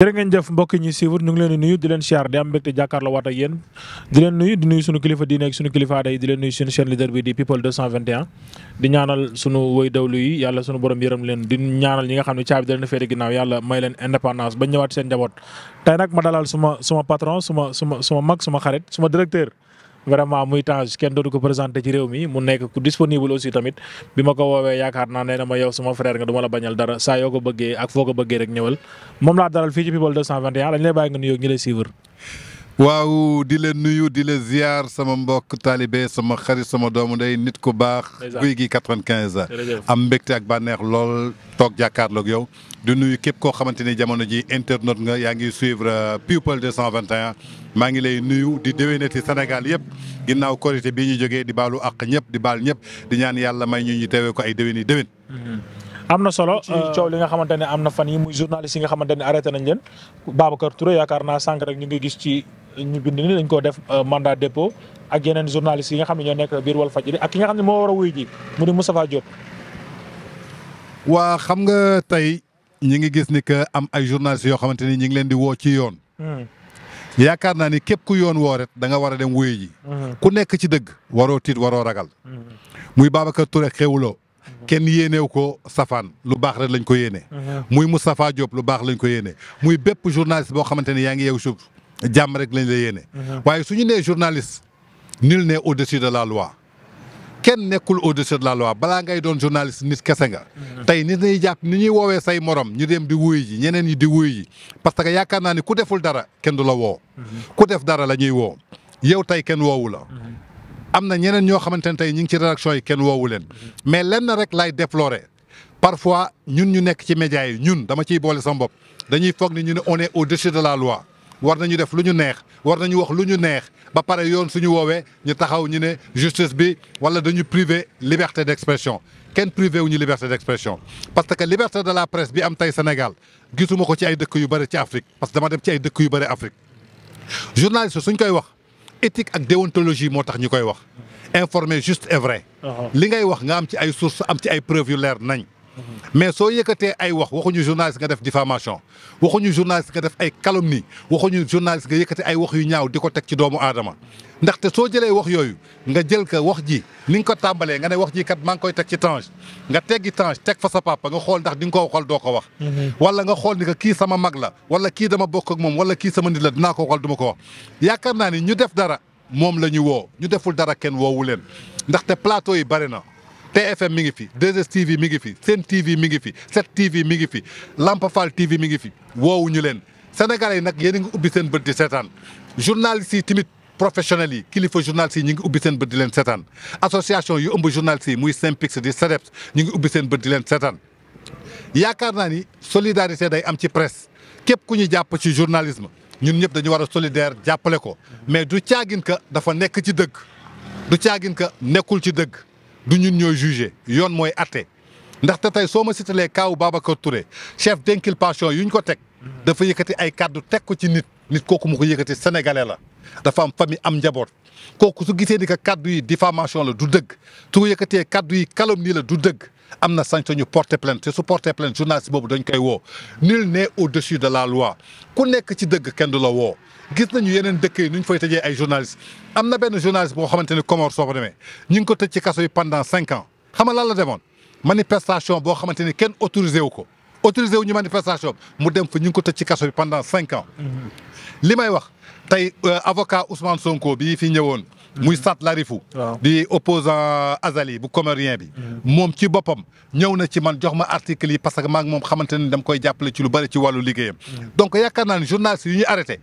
jërë ngeen jëf mbokk ñi suivre ñu ngi leen di nuyu di leen siyaar di am mbégte jàkkaarloo waat ak yéen di leen nuyu di nuyu suñu kilifa diine ak suñu kilifa aada yi di leen nuyu suñu chaîne leader bi di people di ñaanal suñu woy dawlu yi yàlla sunu borom yërëm leen di ñaanal ñi nga xam ne caabi da leen féete ginnaaw yàlla may leen indépendance ba ñëwaat seen njaboot tey nag ma dalal suma suma patron suma suma mag suma xarit suma directeur vraiment muy Tange kenn dootu ko présenté ci réew mi mu nekk ku disponible aussi tamit bi ma ko woowee yaakaar naa nee na ma yow sama frère nga du ma la bañal dara saa yoo ko bëggee ak foo ko bëggee rek ñëwal moom laa daral fii ci People 221 dañ lay bàyyi nga nuyoo ñu lay suivre. waaw di la nuyu di leen ziar sama mbokk taalibe sama xarit sama doomu ndey nit ku baax. guy gi quatre-vingt-quinze am mbégte ak bànneex lool toog jàkkaarloog yow. di nuyu képp koo xamante ni jamono ji internet nga yaa ngi suivre euh, People 221 maa ngi lay nuyu di déwénati Sénégal yëpp ginnaaw korité bii ñu jógee di baalu àq ñëpp di baal ñëpp di ñaan yàlla may ñu ñu teewee ay déwén yi mm-hmm. am na solo ci euh, coow li nga xamante am na fan yi muy journaliste yi nga xamante ne nañ leen Babacar Touré yaakaar naa sànq ngi gis ci euh, ñu bind ni dañ koo def mandat dépôt ak yeneen journaliste yi nga xam ne ñoo a wuy ñi ngi gis ni que am ay journalistes yoo xamante ni ñi ngi leen di woo ci yoon. Hmm. yaakaar naa ni képp ku yoon woo rek da nga war a dem wuyu hmm. ku nekk ci dëgg. waroo tiit waroo ragal. Hmm. muy Babacar Touré xewloo. kenn yéenew ko safaan lu baax rek lañ ko yéene. muy Moustapha Diop lu baax lañ ko yéene. muy bépp journaliste boo xamante ni yaa ngi yeewu suuf jàmm rek lañ la yéene. waaye su ñu nee journaliste. nul n'est au-dessus de la loi. kenn nekkul au de la loi balaa ngay doon journaliste nit kese nga. tey nit ñi jàpp ni ñuy woowee say morom ñu dem di wuyu ji ñeneen yi di wuyu ji parce que yaakaar naa ni ku deful dara kenn du la woo. ku def dara la ñuy woo yow tey kenn woowu la. am na ñeneen ñoo xamante ne tey ñu ngi ci rédaction yi kenn woowu leen mais lenn rek lay déplorer parfois ñun ñu nekk ci médias yi ñun dama ciy boole sama bopp dañuy foog ni ñu ne on est au de la loi. war nañu def lu ñu neex war nañu wax lu ñu neex ba pare yoon suñu woowee ñu taxaw ñu ne justice bi wala dañu privé liberté d'expression kenn privé wu ñu liberté d'expression parce que liberté de la presse bi am tey Sénégal gisuma ko ci ay dëkk yu bëri ci Afrique parce que dama dem ci ay dëkk yu bëri Afrique journaliste suñ koy wax éthique ak déontologie moo tax ñu koy wax informer juste et vrai uh-huh. li ngay wax nga am ci ay sources am ci ay preuves yu nañ mais soo yëkkatee ay wax waxuñu journaliste nga def diffamation waxuñu journaliste def ay calomnie waxuñu journaliste nga yëkkate ay wax yu ñaaw di ko teg ci doomu aadama ndaxte soo jëlee wax yooyu nga jël ko wax ji ni nga ko tàmbalee nga ne wax ji kat maa ngi koy teg ci Tange nga teggi Tange teg fa sa papa nga xool ndax di nga ko xool doo ko wax mhm. wala nga xool ni que kii sama mag la wala kii dama bokk ak moom wala kii sama nit la dinaa ko xool du ma ko wax yaakaar naa ni ñu def dara moom la ñu woo ñu deful dara kenn woowu leen ndaxte plateau yi bari na TFM mi ngi fi 2STV mi ngi fi Sen TV mi ngi fi 7TV mi ngi fi Lampa Fall TV mi ngi fi ñu leen sénégalais yi nag yéen a ngi ubbi seen bët di seetaan journalistes yi tamit professionnels yi kilifa journalistes yi ñu ngi ubbi seen bët di leen seetaan association yu ëmb journalistes yi muy SYNPICS di SEDEPS ñu ngi ubbi seen bët di leen seetaan yaakaar naa ni solidarité day am ci presse képp ku ñu jàpp ci journalisme ñun ñëpp dañu war a solidaire jàppale ko mais du caagin ka dafa nekk ci dëgg du caagin ka nekkul ci dëgg. du ñun ñooy jugé yoon mooy atte ndaxte tey soo ma sitalee kaaw Babacar Touré chef d'inculpation yu ñu ko teg dafa yëkkati ay kàddu teg ko ci nit nit kooku mu ko yëkkati sénégalais la dafa am famille am njaboot kooku su gisee ni que kaddu yi diffamation la du dëgg su yëkkatee kaddu yi calomnie la du dëgg am na sañ sañu porter plainte te su porter plainte journaliste boobu dañ koy woo nul n'est au-dessus de la loi ku nekk ci dëgg kenn du la woo gis nañu yeneen dëkk yi nu ñu fay tëjee ay journaliste am na benn journaliste boo xamante ne Comore soo fa demee ñu ngi ko tëj ci kaso yi pendant cinq ans xam nga lan la demoon manifestation boo xamante ni kenn autorisé wu ko autorisé wu ñu manifestation mu dem fa ñu ngi ko tëj ci kaso bi pendant mm-hmm. li tey euh, avocat Ousmane Sonko bii fi ñëwoon. muy mm-hmm. Sat Larifou di opposant Azali bu comorien bi. Mm-hmm. moom ci boppam ñëw na ci man jox ma article yi parce que maa moom xamante ne dama koy jàppale ci lu bari ci wàllu liggéeyam. Mm-hmm. donc yaakaar naa ne journaliste yi ñu arrêté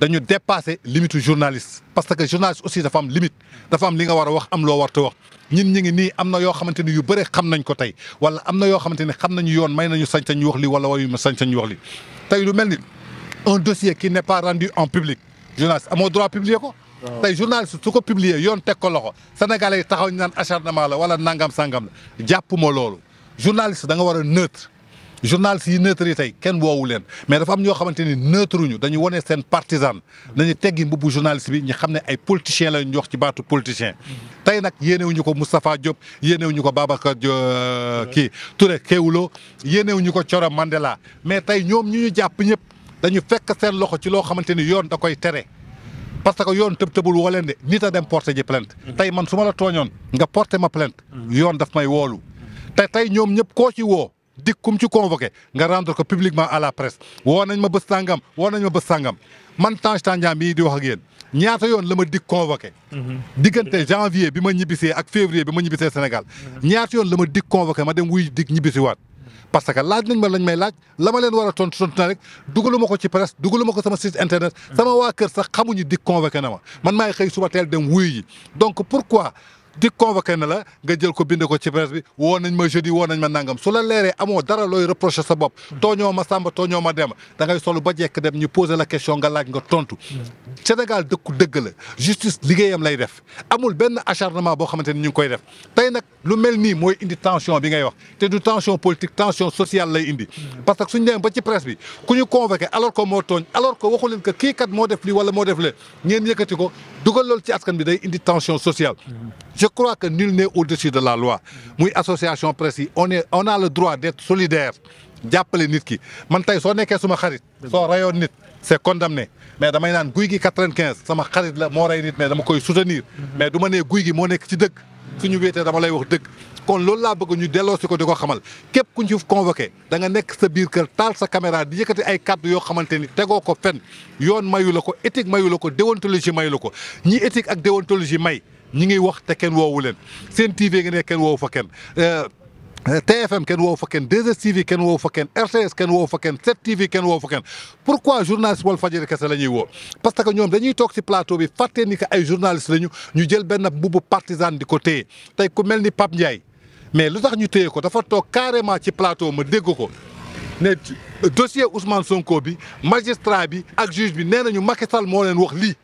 dañu dépassé limite journaliste parce que journaliste aussi dafa am limite dafa am li nga war a wax am loo warta wax. ñun ñu ngi nii am na yoo xamante ni yu bëre xam nañ ko tey wala am na yoo xamante ni xam nañu yoon may nañu sañ-sañ ñu wax li wala wayu ma sañ-sañ ñu tey lu mel ni un dossier qui n'est pas rendu en public. journaliste amoo droit publier ko. tey journaliste su ko publier yoon teg ko loxo sénégalais yi taxaw ñu naan acharnement la wala nangam sangam la jàpp ma loolu. journaliste da nga war a neutre journaliste yi neutre yi tey kenn woowu leen mais dafa am ñoo xamante ni neutre ñu dañu wane seen partisan nañu teggi mbubbu journaliste bi ñu xam ne ay politiciens la ñu wax ci baatu politicien mm-hmm. tey nag yéenewuñu ko Moustapha Diop yéenewuñu ko Babacar euh, kii Touré Kewulo yéenewuñu ko Coro Mandela mais tey ñoom ñu ñu jàpp ñëpp. dañu fekk seen loxo ci loo xamante ni yoon da koy tere parce que yoon tëb tëbul woo leen de nit a dem porté ji plainte mm-hmm. tey man su ma la tooñoon nga porté ma plainte mm-hmm. yoon dafa may woolu te tey ñoom ñëpp koo ci woo dik kum ci convoqué nga rendre ko publiquement à la presse woo nañ ma bës sàngam woo nañ ma bës sàngam man Tange Tandian bii di wax ak yéen ñaata yoon la ma dik convoqué mm-hmm. diggante janvier bi ma ñibbisee ak février bi ma ñibbisee Sénégal ñaata yoon la ma dik convoqué ma dem wuy dik ñibbisiwaat parce que laaj nañ ma may laaj la leen war a tontu tontu na rek dugaluma ko ci presse dugaluma ko sama site internet. sama waa kër sax xamuñu di convoqué na ma man maay xëy suba teel dem wuyu donc pourquoi di convoqué na la nga jël ko bind ko ci presse bi woo nañ ma jeudi woo nañ ma nangam su la leeree amoo dara looy reproché sa bopp. tooñoo ma Samba tooñoo ma Demba da ngay solu ba jekk dem ñu posé la question nga laaj nga tontu. Sénégal dëkku dëgg la justice liggéeyam lay def amul benn acharnement boo xamante ni ñu ngi koy def tey nag lu mel nii mooy indi tension bi ngay wax te du tension politique tension sociale lay indi. parce que suñ demee ba ci presse bi ku ñu convoqué alors que moo tooñ alors leen que kii kat moo def lii wala moo def lee ngeen ko dugal loolu ci askan bi day indi tension sociale. je crois que nul n'est au-dessus de la loi muy association presse yi on est on a le droit d'être solidaire jàppale nit ki man tey soo nekkee suma xarit soo rayoon nit c'est condamné mais damay naan guy gi quatre-vingt-quinze sama xarit la moo rey nit mais dama koy soutenir mais du ma nee guy gi moo nekk ci dëgg ñu wéetee dama lay wax dëgg kon loolu laa bëgg ñu delloo si ko di ko xamal képp ku ñu convoqué da nga nekk sa biir kër taal sa caméra di yëkkati ay kàddu yoo xamante ni tegoo ko fen yoon mayu ko éthique mayu ko déontologie mayu la ko ñi éthique ak déontologie may ñu ngi wax te kenn woowu leen seen TV nga ne kenn woowu fa kenn. Euh, TFM kenn woowu fa kenn 2STV kenn woowu fa kenn RTS kenn woowu fa kenn tv kenn woowu fa kenn pourquoi journaliste Walfadjri kese la ñuy woo parce que ñoom dañuy toog ci plateau bi fàtte ni que ay journaliste lañu ñu jël benn mbubu partisan di ko téye tey ku mel ni Pape Ndiaye mais lu tax ñu téye ko dafa toog carrément ci plateau ma dégg ko ne dossier Ousmane Sonko bi magistrat bi ak juge bi nee nañu Macky Sall moo leen wax lii.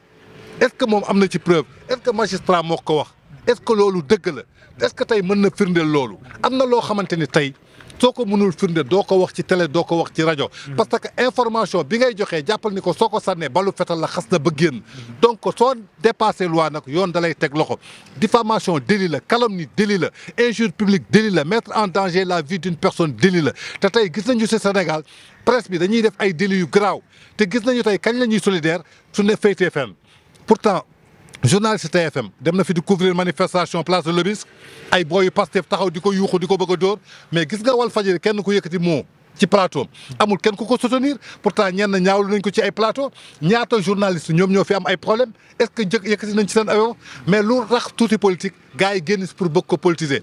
est-ce que moom am na ci preuve est-ce que magistrat moo ko wax est-ce que loolu dëgg la est-ce que tey mën na firndeel loolu am na loo xamante ni tey soo ko mënul firnde doo ko wax ci tele doo ko wax ci rajo. Hmm. parce que information bi ngay joxee jàppal ni ko soo ko sànnee balu fetal la xas na bëgg génn. donc soo dépassé loi nag yoon da lay teg loxo. diffamation délit la calomnie délit la injure publique délit la mètre en danger la vie d'une personne délit la te tey gis nañu ci Sénégal presse bi dañuy def ay délits yu garaaw te gis nañu tey kañ la ñuy solidaire su ne féetee fenn. pourtant journaliste TFM dem na fi di couvrir manifestation place de l'Obélisque ay booy yu Pastef taxaw di ko yuuxu di ko bëgg a mais gis nga wal Fadjri kenn ku yëkkati moo ci plateau amul kenn ku ko soutenir pourtant ñenn ñaawlu nañ ko ci ay plateau ñaata journaliste ñoom ñoo fi am ay problème est-ce que jëkk yëkkati nañ ci seen awo mais lu rax tuuti politique gars yi génn pour bëgg ko politiser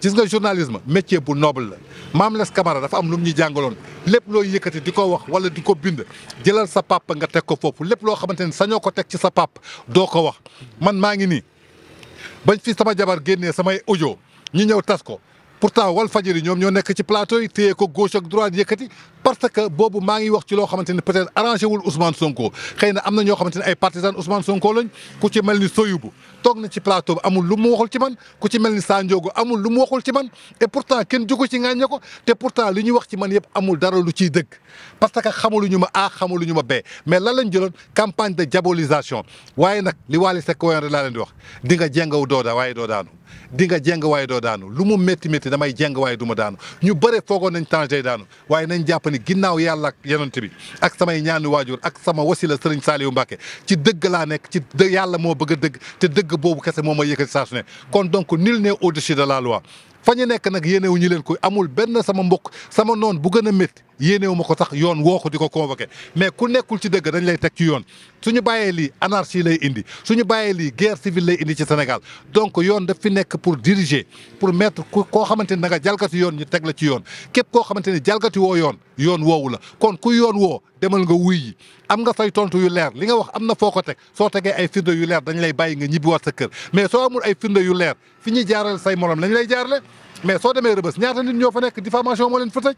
gis nga journalisme métier bu noble la maam Less Camara dafa am lu mu ñu jàngaloon lépp looy yëkkati di ko wax wala di ko bind jëlal sa papa nga teg ko foofu lépp loo xamante ni sañoo ko teg ci sa papa doo ko wax. man maa ngi nii bañ fi sama jabar génnee samay audio ñu ñëw tas ko pour pourtant Walf Fadjri ñoom ñoo nekk ci plateau yi téye ko gauche ak droite yëkkati parce que boobu maa ngi wax ci loo xamante ni peut-être arrangé wul Ousmane Sonko xëy am na ñoo xamante ne ay partisans Ousmane Sonko lañ ku ci mel ni Soyoubou toog na ci plateau bi amul lu mu waxul ci man ku ci mel ni Sanjogo amul lu mu waxul ci man et pourtant kenn jugu ci ngaañ ko te pourtant li ñu wax ci man yëpp amul dara lu ciy dëgg parce que ñu ma A ñu ma B mais lan lañ jëloon campagne de jabolisation waaye nag li Wally Seck woyoon laa leen di wax di nga jéngaw dooda waaye doo daanu di nga jéng waaye doo daanu lu mu métti métti damay jéng waaye du ma daanu ñu bëre foogoon nañ changé daanu ginnaaw yàlla ak yonent bi ak samay ñaani waajur ak sama wasila sëriñ Saliou Mbacke ci dëgg laa nekk ci yàlla moo bëgg a dëgg te dëgg boobu kese moo may yëkkati saa su ne kon donc nul n'est au-dessus de la loi fa ñu nekk nag yéenewu ñu leen ko amul benn sama mbokk sama noon bu gën a métti yéenewuma ko sax yoon woo ko di ko convoqué mais ku nekkul ci dëgg dañ lay teg ci yoon suñu bàyyee lii anarchie lay indi suñu bàyyee lii guerre civile lay indi ci Sénégal donc yoon daf fi nekk pour diriger pour mettre koo xamante ni da nga jalgati yoon ñu teg la ci yoon képp koo xamante ni jalgati woo yoon yoon woowu la kon ku yoon woo demal nga wuy yi am nga say tontu yu leer li nga wax am na foo ko teg soo tegee ay firnde yu leer dañ lay bàyyi nga ñibbiwaat mais soo amul ay firnde yu leer fi ñuy jaarale say morom lañ lay jaarale mais soo demee rëbës ñaata ñoo fa nekk diffamation moo leen fa tëj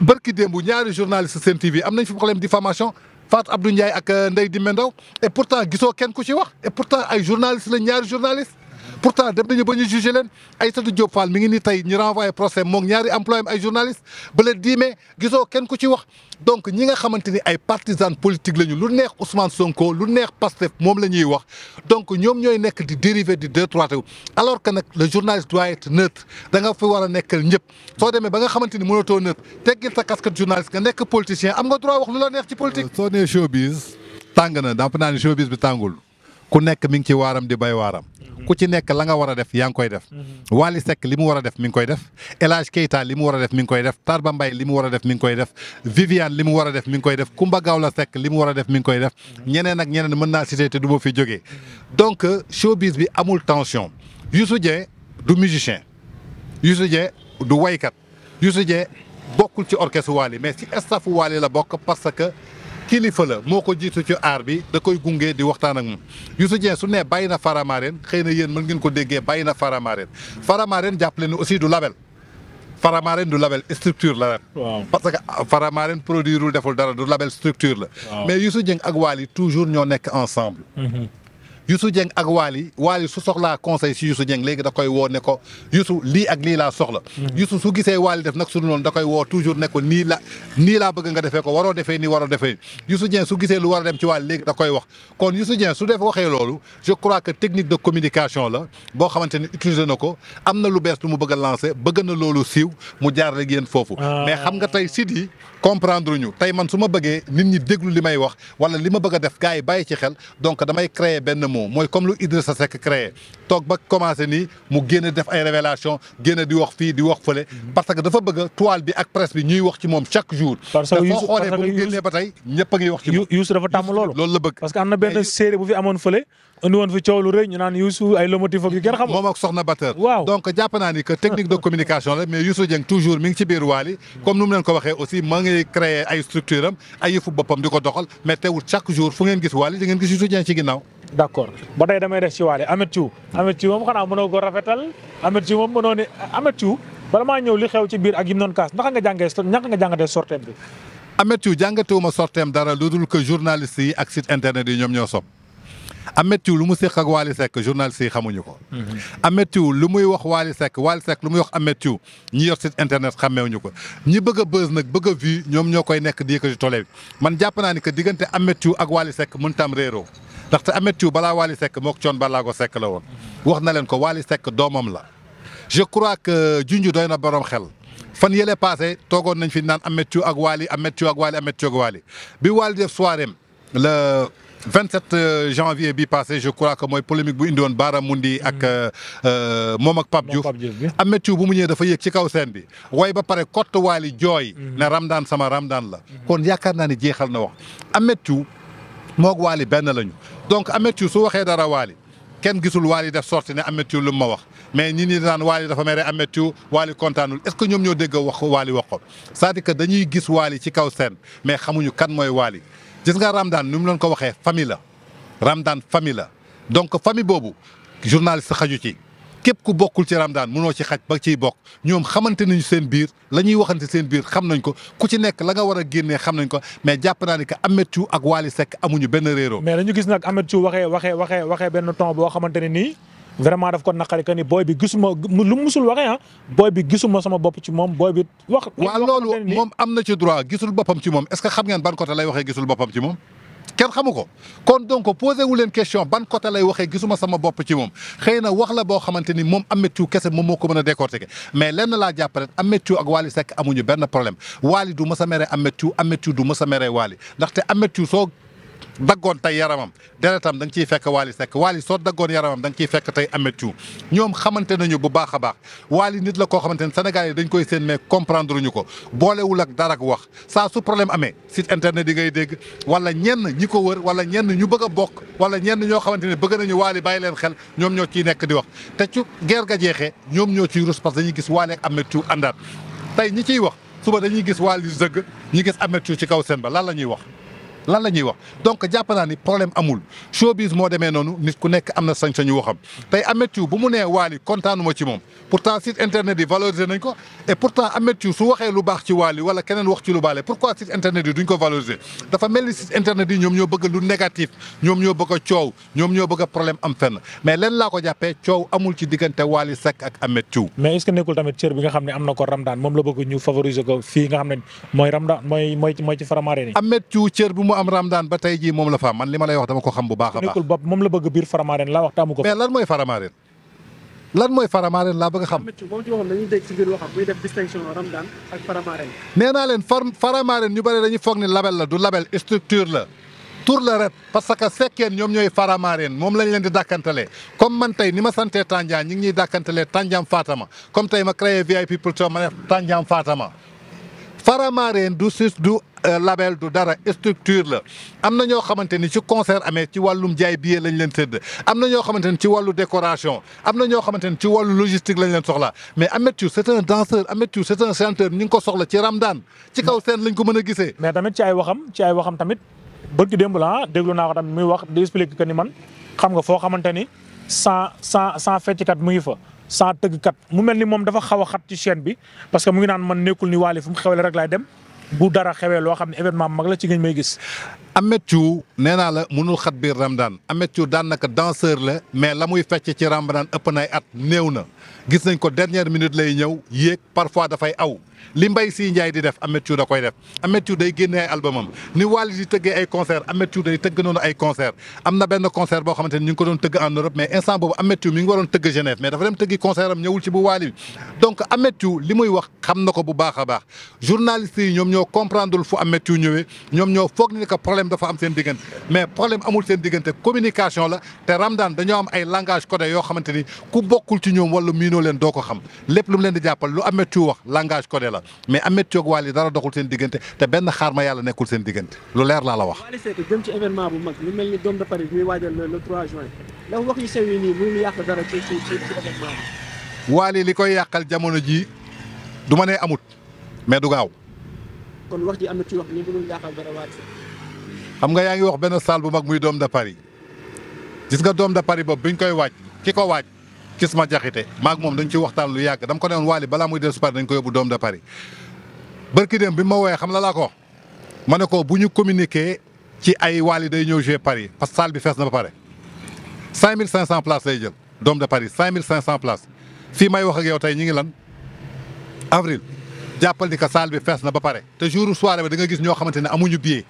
bërki démb ñaari journaliste Sen TV am nañ fi problème diffamation faat Abdou Ndiaye ak euh, ndey Dimé Ndaw et pourtant gisoo kenn ku ci wax et pourtant ay journaliste la ñaari journaliste pour pourtant dem nañu ba ñu jugé leen Aïssatou Diop Fall mi ngi ni tey ñu renvoyé procès moom ñaari employé ay journaliste ba le 10 gisoo kenn ku ci wax donc ñi nga xamante ni ay partisans politiques lañu lu neex Ousmane Sonko lu neex Pastef moom lañuy ñuy wax donc ñoom ñooy nekk di dérivé di deux alors que nag le journaliste doit être neutre da fi war a nekkal ñëpp soo demee ba nga xamante ni mënatoo neutre teggil sa casquette journaliste nga nekk politicien am nga droit euh, na damp naa ne ku nekk mi ngi ci waaram di bay waaram mhm. ku ci nekk la nga war a def yaa koy def Wally Seck li mu war a def mi koy def El Hadj li mu war def mi ngi koy def Tarba li mu mhm. war def mi koy def Viviane li mu war def mi koy def Kumba Gawla Seck li mu war a def mi ngi koy def ñeneen ak ñeneen mën naa citer te du ma fi jógee mhm. donc showbiz bi amul tension Youssou Dieng du musicien Youssou Dieng du waykat Youssou Dieng bokkul ci orchestre Wally mais ci staff Wally la kilifa la moo ko jiitu ci aar bi da koy gunge di waxtaan ak moom Youssou Dieng su ne bàyyi na Faramareen xëy na yéen mën ngeen ko déggee bàyyi na Faramareen Faramareen jàppale ni aussi du label Faramareen du label structure la ren. parce que Faramareen produit deful dara du label structure la. mais Youssou Dieng ak yi toujours ñoo nekk ensemble. Mm-hmm. Youssou Dieng ak Waly Waly su soxlaa conseil si Youssou Dieng léegi da koy woo ne ko Youssou lii ak lii laa soxla. Mhm. Youssou su gisee Waly def nag su noonu da koy woo toujours ne ko nii la nii laa bëgg nga defee ko waroo defee nii waroo defee Youssou Dieng su gisee lu war a dem ci Waly léegi da koy wax. kon Youssou Dieng su def waxee loolu je crois que technique de communication la boo xamante ni utiliser na ko am na lu bees lu mu bëgg a bëgg na loolu siiw mu jaar rek yéen foofu. Ah. mais xam nga tey site yi comprendre ñu tey man su ma bëggee nit ñi déglu li may wax wala li ma bëgg def gars yi bàyyi ci xel donc damay créer benn moom chaque jour. parce que Youssou parce que bu génnee ba tey a ngi wax ci moom. Youssou dafa tàmm loolu loolu la ak soxna Bateur donc jàpp naa ni que technique de communication la mais Youssou Dieng toujours mi ngi ci biir Wally comme nu mu leen ko waxee aussi ma ngi créer ay structure ay yëfu boppam di ko doxal mais teewul chaque jour fu ngeen gis Wally di ngeen gis Youssou Dieng ci ginnaaw d' accord ba tey damay def ci waale Ameth Thiou Ameth Thiou moom xanaa mënoo ko rafetal Ameth Thiou moom mënoo ne Ameth Thiou bala maa ñëw li xew ci biir ak yim noon kaas naka nga jàngee naka nga jàngatee sorteem bi Ameth Thiou jàngatewuma sorteem dara lu dul que journaliste yi ak site internet yi ñoom ñoo sob Ameth Thiou lu mu séq ak Waly Seck journaliste yi xamuñu ko. Mhm. Ameth lu muy wax Waly Seck Waly Seck lu muy wax Ameth Thiou ñi yor site internet xàmmeewuñu ko ñi bëgg a buzz nag bëgg a vue ñoom ñoo koy nekk di yëkkati tole man jàpp naa ni que diggante Ameth Thiou ak Waly Seck mën tam réeroo ndaxte Ameth Thiou balaa Waly mook coon balaa ko Seck la woon. wax na leen ko Waly Seck doomam la je crois que junj doy na borom xel. fan yële passé toogoon nañ fi naan Ameth ak Waly Ameth Thiou ak Waly Ameth Thiou ak 27 euh, janvier bi passé je crois que mooy polémique bu indiwoon Baara Mundi ak hmm. euh, euh, moom ak Pape Diouf Ameth Thiou bu mu ñëwee dafa yéeg ci kaw seen bi way ba pare kott waali jooy hmm. ne Ramdaan sama Ramdaan la hmm. kon yaakaar naa ni jeexal na wax Ameth Thiou moog waali benn lañu donc Ameth Thiou su waxee dara waali kenn gisul waali def sorti ne Ameth Thiou ma wax mais ñi ñi daan waali dafa mere Ameth Thiou waali kontaanul est ce que ñoom ñoo dégg wax waali wax ko cest à que dañuy gis waali ci kaw seen mais xamuñu kan mooy waali gis nga Ramadane ni mu leen ko waxee famille la Ramadane famille la donc famille boobu journaliste xaju ci képp ku bokkul ci Ramadane mënoo ci xaj ba ciy bokk ñoom xamante nañu seen biir la ñuy waxante seen biir xam nañ ko ku ci nekk la nga war a génnee xam nañ ko mais jàpp naa ni que Ameth Thiou ak Waly Seck amuñu benn réeróo. mais dañu gis nag Ameth Thiou waxee waxee waxee waxee benn ton boo xamante ne nii. vraiment daf ko naqari que ni booy bi gisuma lu mu musul waxee ah booy bi gisuma sama bopp ci moom booy bi wax. waaw loolu moom am na ci droit gisul boppam ci moom est ce xam ngeen ban côté lay waxee gisul boppam ci moom. kenn xamu ko kon donc posé question ban côté lay waxee gisuma sama bopp ci moom xëy na wax la boo xamante ni moom Ameth Thiou kese moom moo ko mën a décortiquer mais lenn laa jàpp rek Ameth Thiou ak Wally Seck amuñu benn problème Wally du mës a mere Ameth Thiou Ameth Thiou du mës a mere Wally ndaxte Ameth Thiou soo. daggoon tey yaramam deretam da nga ciy fekk Wally Seck Wally soo daggoon yaramam da nga ciy fekk tey Ameth Thiou ñoom xamante nañu bu baax a baax Wally nit la koo xamante ne Sénégal yi dañ koy seen mais comprendre ñu ko boolewul ak dara ak wax saa su problème amee site internet yi ngay dégg wala ñenn ñi ko wër wala ñenn ñu bëgg a bokk wala ñenn ñoo xamante ne bëgg nañu Wally bàyyi leen xel ñoom ñoo ciy nekk di wax te ci guerre ga jeexee ñoom ñoo ci rus parce que dañuy gis Wally ak Ameth tey ñi ciy wax suba dañuy gis Wally dëgg ñu gis Ameth ci kaw seen lan la ñuy wax lan la ñuy wax donc jàpp naa ni problème amul showbiz moo demee noonu nit ku nekk am na sañ-sañu waxam tey Ameth Thiou bu mu nee Wally kontaanuma ci moom pourtant site internet yi valoriser nañ ko et pourtant Ameth Thiou su waxee lu baax ci Wally wala keneen wax ci lu baale pourquoi site internet yi duñ ko valoriser dafa mel ni site internet yi ñoom ñoo bëgg lu négatif ñoom ñoo bëgg a coow ñoom ñoo bëgg problème am fenn mais leen laa ko jàppee coow amul ci diggante Wally Seck ak Ameth Thiou mais xam ne am na ko Ramdaan moom la ne mooy Ramdaan mooy mu am Ramadane ba tey jii moom la fa man li ma lay wax dama ko xam bu baax a baax. nekkul la wax taamu ko. a xam. muy def distinction Ramadane ak Faramaren. nee naa leen far Faramaren ñu bëri dañuy foog ni label la du label structure la. tur la ret parce que sekkeen ñoom ñooy faramareen moom lañ leen di dàkkantalee comme man tey ni ma sante Tandian ñi ngi ñuy dàkkantalee Tandian Fatama comme tey ma créé VIP pour ma ne Tandian Fatama Faramareen du sis du euh, label du dara structure la am na ñoo xamante ni ci concert amee ci wàllum njaay billet lañ leen sédd am na ñoo xamante ni ci wàllu décoration am na ñoo xamante ni ci wàllu logistique lañ leen soxla mais Ameth Thiou c'est un danseur Ameth Thiou c'est un chanteur ñu ngi ko soxla ci ram Ramadan ci kaw seen lañ ko mën a gisee. mais tamit ci ay waxam ci ay waxam tamit bërki démb la déglu naa ko tamit muy wax di expliquer que ni man xam nga foo xamante ni sans sans sans feccikat mu ngi fa. saa kat mu mel ni moom dafa xaw a xat ci chaîne bi parce que mu ngi naan man nekkul ni Wally fu mu xewle rek laay dem bu dara xewee loo xam ne événement mag la ci ngeen may gis Ameth Thiou nee naa la mënul xat biir Ramadan Ameth Thiou daanaka danseur la mais la muy fecc ci Ramadan ëpp nay at néew na gis nañ ko dernière minute lay ñëw yéeg parfois dafay aw li Mbaye Sy Ndiaye di def Ameth Thiou da koy def Ameth Thiou day génne ay albumam ni Wally di tëggee ay concert Ameth Thiou day tëgg noonu ay concert am na benn concert boo xamante ni ñu ngi ko doon tëgg en Europe mais instant boobu Ameth Thiou ngi waroon tëgg Genève mais dafa dem tëggi li muy wax xam na ko bu baax a baax journalistes yi ñoom ñoo comprendreul fu Ameth Thiou ñëwee ñoom ñoo problème dafa am seen diggante mais problème amul seen diggante communication la te Ramadane dañoo am ay langage codé yoo xamante ni ku bokkul ci ñoom wala miinoo leen doo ko xam lépp lu mu leen di jàppal lu Ameth Thiou wax langage codé la mais Ameth Thiou ak Wally dara doxul seen diggante te benn xaar ma yàlla nekkul seen diggante lu leer laa la wax. Wally Seck jëm ci événement bu mag lu yi li koy yàqal jamono jii du ma nee amut mais du gaaw. kon xam nga yaa ngi wax benn salle bu mag muy Dôme de Paris gis nga doom de Paris boobu bi ñu koy waaj ki ko waaj gis ma jaxite maag moom dañ ci waxtaan lu yàgg dama ko ne woon Waly balaa muy dellu si Paris dañ ko yóbbu Dôme de Paris. barki dem bi ma woowee xam la laa ko ma ne ko bu ñu communiqué ci ay Waly day ñëw jouer Paris parce que salle bi fees na ba pare 5500 places lay jël Dôme de Paris 5500 places fii may wax ak yow tey ñu ngi lan avril jàppal ni que salle bi fees na ba pare te jour soirée ba da nga gis ñoo xamante ne amuñu billet.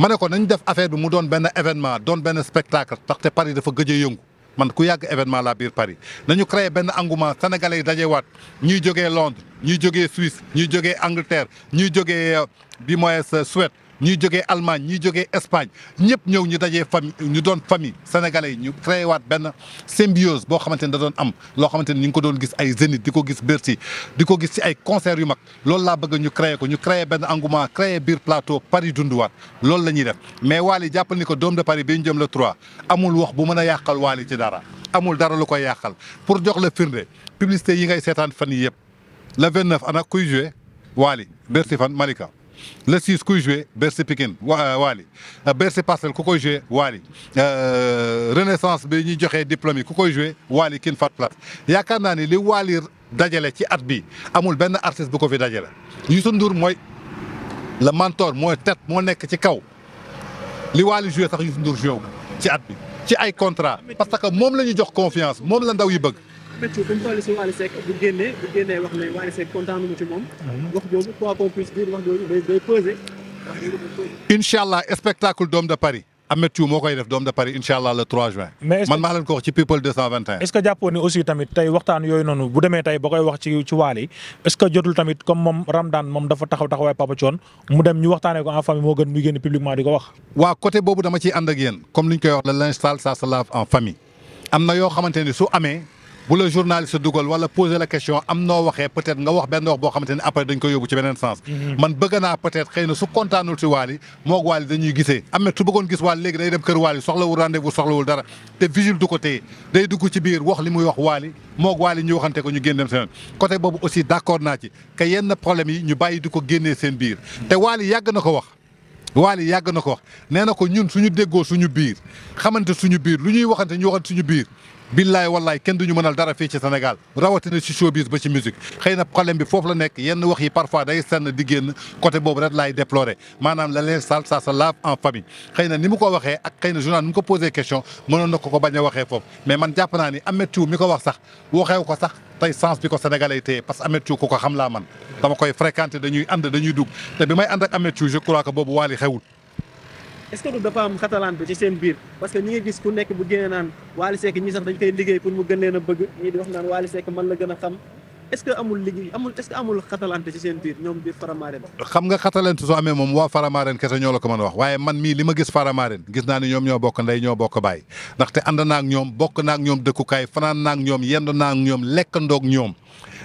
ma ne ko nañ def affaire bi mu doon benn événement doon benn spectacle parce que Paris dafa gëj a yëngu man ku yàgg événement la biir Paris nañu créé benn engouement sénégalais yi dajewaat ñuy jógee Londres ñuy jógee Suisse ñuy jógee Angleterre ñuy jógee bi euh, mooy euh, Suède ñuy jógee Allemagne ñuy jógee Espagne ñëpp ñëw ñu dajee famille ñu doon famille sénégalais yi ñu créé waat benn symbiose boo xamante ne da doon am loo xamante ni ñu ngi ko doon gis ay Zénith di ko gis Bercy di ko gis ci ay concert yu mag loolu laa bëgg ñu créé ko ñu créé benn engouement créé biir plateau Paris dunduwaat loolu la ñuy def mais Wally jàppal ni ko doom de Paris bi ñu jëm le 3 amul wax bu mën a yàqal Wally ci dara amul dara lu koy yàqal pour jox la firnde publicité yi ngay seetaan fan yi yëpp le 29 ana kuy joué Wally Bercy fan Malika le 6 kuy joué Bercy Pikine wa euh, Waly euh, Bercy Parcelles ku koy joué Waly euh, Renaissance bi ñuy joxe diplôme ku koy joué Waly kin fat place yaakaar naa ni li Waly dajale ci at bi amul benn artiste bu ko fi dajale Youssou Ndour mooy le mentor mooy tête moo nekk ci kaw li Waly joué sax Youssou Ndour joué ci at bi ci ay contrat parce que moom la ñu jox confiance moom la ndaw yi bëgg xëccoo comme tolli si Wally Seck bu génnee bu génnee wax ne Wally Seck kontaanu mu ci moom. Mhm. wax allah spectacle Dôme de Paris. Ameth Thiou moo koy def Dôme de Paris incha allah le 3 juin. mais man maa leen ko ci people 221. est ni aussi tamit tey waxtaan yooyu noonu bu demee tey ba koy wax ci ci Wally jotul tamit comme moom Ramdan moom dafa taxaw taxawaay Papa Thione mu dem ñu waxtaanee ko en famille moo gën muy génn publiquement di ko wax. waaw côté boobu dama ciy ànd ak yéen comme ni ñu koy wax le linge sale ça se en famille am yoo xamante ni su amee. bu la journaliste dugal wala poser la question am noo waxee peut-être nga wax benn wax boo xamante ne après dañ ko yóbbu ci beneen sens. Mhm. man bëgg naa peut-être xëy na su kontaanul si Wally moog Wally dañuy gisee am na su bëggoon gis Wally léegi day dem kër Wally soxlawul rendez-vous soxlawul dara te vigile du ko téye day dugg ci biir wax li muy wax Wally moog Wally ñu waxante ko ñu génn dem seen côté boobu aussi d'accord naa ci que yenn problème yi ñu bàyyi di ko seen biir te yàgg na ko wax. Wally yàgg na ko nee na ko ñun suñu déggoo suñu biir xamante suñu biir lu ñuy waxante ñu waxante suñu biir billaay wallaay kenn ñu mënal dara fii ci Sénégal rawatina ci showbiz ba ci musique xëy na problème bi foofu la nekk yenn wax yi parfois day senn di génn côté boobu rek laay déplorer maanaam la leen sal ça lave en famille xëy na ni mu ko waxee ak xëy na journal ni mu ko posé question mënoon na ko ko bañ a waxee foofu mais man jàpp naa ni Ameth Thiou mi ko wax sax waxeew ko sax tey sens bi ko Sénégalais yi téye parce que Ameth Thiou ku ko xam laa man dama koy fréquenté dañuy ànd dañuy dugg te bi may ànd que boobu waali xewul est-ce que du dafa am xatalaan ci seen biir parce que ñi ngi gis ku nekk bu génnee naan Wally Seck ñi sax dañ koy liggéey pour mu gën leen a bëgg ñii di wax naan Wally Seck man la gën a xam est-ce que amul liggéey amul est-ce que amul xatalante ci seen biir ñoom biir Faramaren xam nga xatalante soo amee moom waa Faramaren kese ñoo la ko mën a wax waaye man mii li ma gis Faramaren gis naa ñoom ñoo bokk ndey ñoo bokk baay ndaxte ànd naa ñoom bokk naa ak ñoom dëkkukaay fanaan ak ñoom yend naa ak ñoom lekkandoog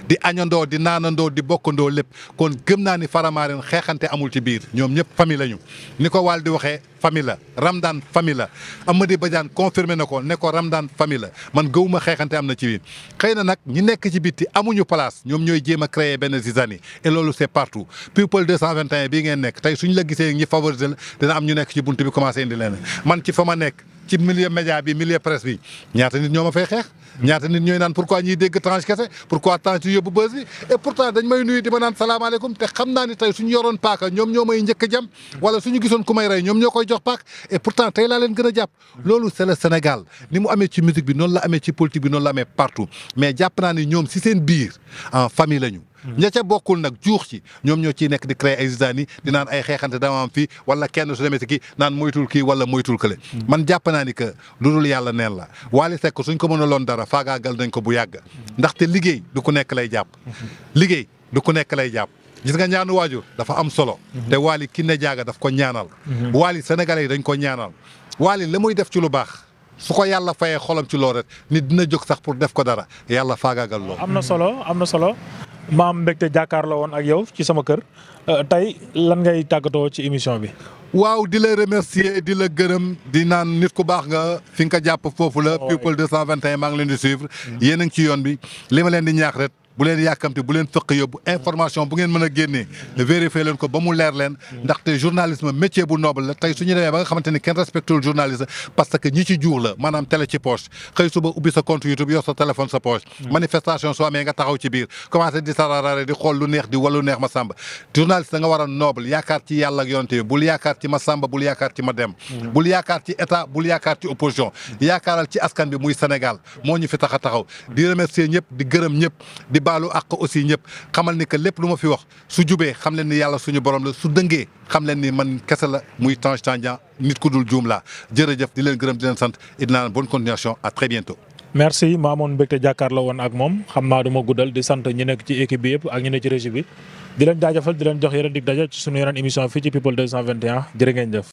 di añandoo di naanandoo di bokkandoo lépp kon gëm naa ni Faramareen xeexante amul ci biir ñoom ñëpp famille lañu ni ko Waal di waxee famille la Ramdaan famille la Amady Badiane confirmé na ko ne ko Ramdaan famille la man gëwuma xeexante am na ci biir xëy na nag ñi nekk ci biti amuñu place ñoom ñooy jéem a créer benn zizanie et loolu c'est partout people 221 bii ngeen nekk tey suñ la gisee ñi favoriser la dina am ñu nekk ci bunt bi commencé indi leen ci fa ma nekk ci millier média bi milieu presse bi ñaata nit ñoo ma fay xeex. ñaata nit ñooy naan pourquoi ñuy dégg Tange kese pourquoi Tange ci yóbbu bës bi et pourtant dañ may nuyu di ma naan salaamaaleykum te xam naa ni tey suñu yoroon paaka ñoom ñoo may njëkk a jam wala suñu gisoon ku may rey ñoom ñoo koy jox paak et pourtant tey laa leen gën a jàpp loolu c'est Sénégal ni mu amee ci musique bi noonu la amee ci politique bi noonu la amee partout mais jàpp naa ni ñoom si seen biir en famille lañu ña ca bokkul nag juux ci ñoom ñoo ciy nekk di créer ay zizani di naan ay xeexante dama am fii wala kenn su demee si kii naan moytul kii wala moytul kële. Hmm. man jàpp naa ni que lu dul yàlla neen la Wally Seck suñ ko mënaloon dara faagaagal nañ ko bu yàgg hmm. ndaxte liggéey du ku nekk lay jàpp hmm. liggéey du ku nekk lay jàpp gis nga ñaanu waajur dafa am solo te Wally ki ne jaaga daf ko ñaanal Wally sénégalais yi dañ ko ñaanal Wally la muy def ci lu baax su ko yàlla fayee xolam ci loo rek nit dina jóg sax pour def ko dara yàlla faagaagal loolu am na solo am na ma am mbégte jàkkaarloo woon ak yow ci sama kër euh, tey lan ngay tàggatoo ci émission bi. waaw di la remercier di la gërëm di naan nit ku baax nga fi nga ko jàpp foofu la. People 221 maa ngi leen di suivre. Mm. yéen a ngi ci yoon bi li ma leen di ñaax rek. bu leen yàkkamti bu leen fëq yóbbu information bu ngeen mën a génnee vérifier leen ko ba mu leer leen ndaxte journalisme métier bu noble la tey su demee ba nga xamante ni kenn respectul journaliste parce que ñi ci juur la maanaam télé ci poche xëy suba ubbi sa compte YouTube yor sa téléphone sa poche. Hmm. manifestation soo amee nga taxaw ci biir commencé di sararaare di xool lu neex di wala neex ma sàmba journaliste da nga a noble yaakaar ci yàlla a baalu ak aussi ñëpp xamal ni que lépp lu ma fi wax su jubee xam leen ni yàlla suñu borom la su dëngee xam leen ni man kese la muy Tange Tandian nit ku dul juum laa jërëjëf di leen gërëm di leen sant it naan bonne continuation à très bientôt. merci maa moon mbégte jàkkaarloo woon ak moom xam naa du guddal di sant ñi nekk ci équipe bi yëpp ak ñi nekk ci régie bi di yeneen émission fii ci people 221 jëf.